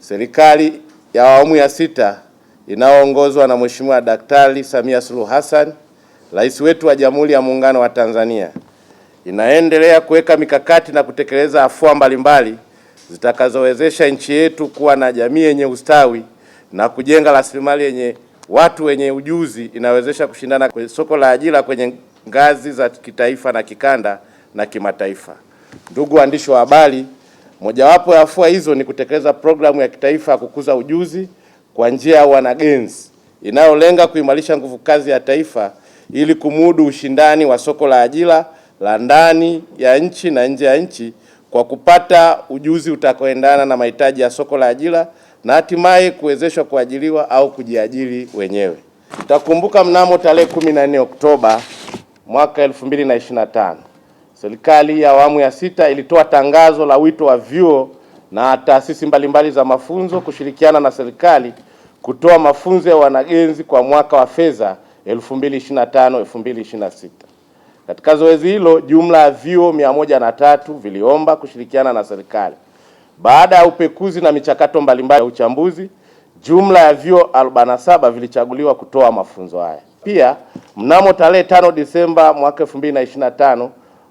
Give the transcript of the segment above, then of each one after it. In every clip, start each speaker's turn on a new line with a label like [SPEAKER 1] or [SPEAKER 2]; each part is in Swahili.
[SPEAKER 1] Serikali ya awamu ya sita inayoongozwa na Mheshimiwa Daktari Samia Suluhu Hassan, rais wetu wa Jamhuri ya Muungano wa Tanzania, inaendelea kuweka mikakati na kutekeleza afua mbalimbali zitakazowezesha nchi yetu kuwa na jamii yenye ustawi na kujenga rasilimali yenye watu wenye ujuzi inawezesha kushindana kwenye soko la ajira kwenye ngazi za kitaifa na kikanda na kimataifa. Ndugu waandishi wa habari, Mojawapo ya afua hizo ni kutekeleza programu ya kitaifa ya kukuza ujuzi kwa njia ya wanagenzi inayolenga kuimarisha nguvu kazi ya taifa ili kumudu ushindani wa soko la ajira la ndani ya nchi na nje ya nchi kwa kupata ujuzi utakaoendana na mahitaji ya soko la ajira na hatimaye kuwezeshwa kuajiriwa au kujiajiri wenyewe. Utakumbuka mnamo tarehe 14 Oktoba mwaka 2025 serikali ya awamu ya sita ilitoa tangazo la wito wa vyuo na taasisi mbalimbali za mafunzo kushirikiana na serikali kutoa mafunzo ya wanagenzi kwa mwaka wa fedha 2025 2026. Katika zoezi hilo, jumla ya vyuo 103 viliomba kushirikiana na serikali. Baada ya upekuzi na michakato mbalimbali ya uchambuzi, jumla ya vyuo 47 vilichaguliwa kutoa mafunzo haya. Pia mnamo tarehe 5 Disemba mwaka 2025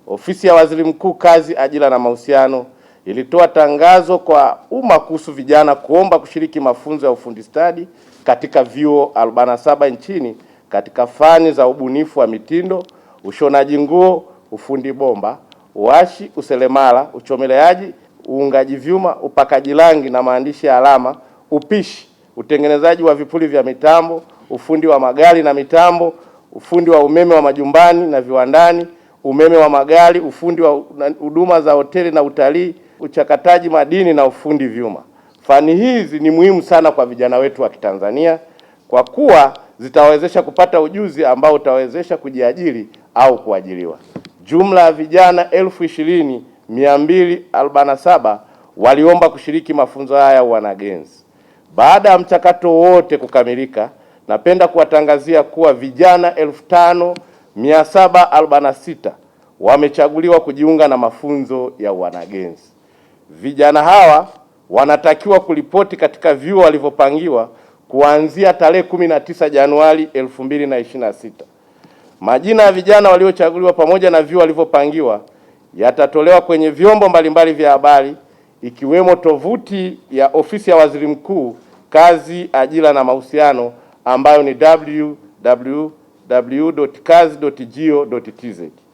[SPEAKER 1] Ofisi ya Waziri Mkuu, Kazi, Ajira na Mahusiano ilitoa tangazo kwa umma kuhusu vijana kuomba kushiriki mafunzo ya ufundi stadi katika vyuo 47 nchini katika fani za ubunifu wa mitindo, ushonaji nguo, ufundi bomba, uashi, useremala, uchomeleaji, uungaji vyuma, upakaji rangi na maandishi ya alama, upishi, utengenezaji wa vipuli vya mitambo, ufundi wa magari na mitambo, ufundi wa umeme wa majumbani na viwandani umeme wa magari, ufundi wa huduma za hoteli na utalii, uchakataji madini na ufundi vyuma. Fani hizi ni muhimu sana kwa vijana wetu wa Kitanzania kwa kuwa zitawawezesha kupata ujuzi ambao utawezesha kujiajiri au kuajiriwa. Jumla ya vijana elfu ishirini mia mbili arobaini na saba waliomba kushiriki mafunzo haya ya wanagenzi. Baada ya mchakato wote kukamilika, napenda kuwatangazia kuwa vijana elfu tano 746 wamechaguliwa kujiunga na mafunzo ya wanagenzi. Vijana hawa wanatakiwa kuripoti katika vyuo walivyopangiwa kuanzia tarehe 19 Januari 2026. Majina ya vijana waliochaguliwa pamoja na vyuo walivyopangiwa yatatolewa kwenye vyombo mbalimbali vya habari ikiwemo tovuti ya Ofisi ya Waziri Mkuu, Kazi, Ajira na Mahusiano ambayo ni www www.kazi.go.tz.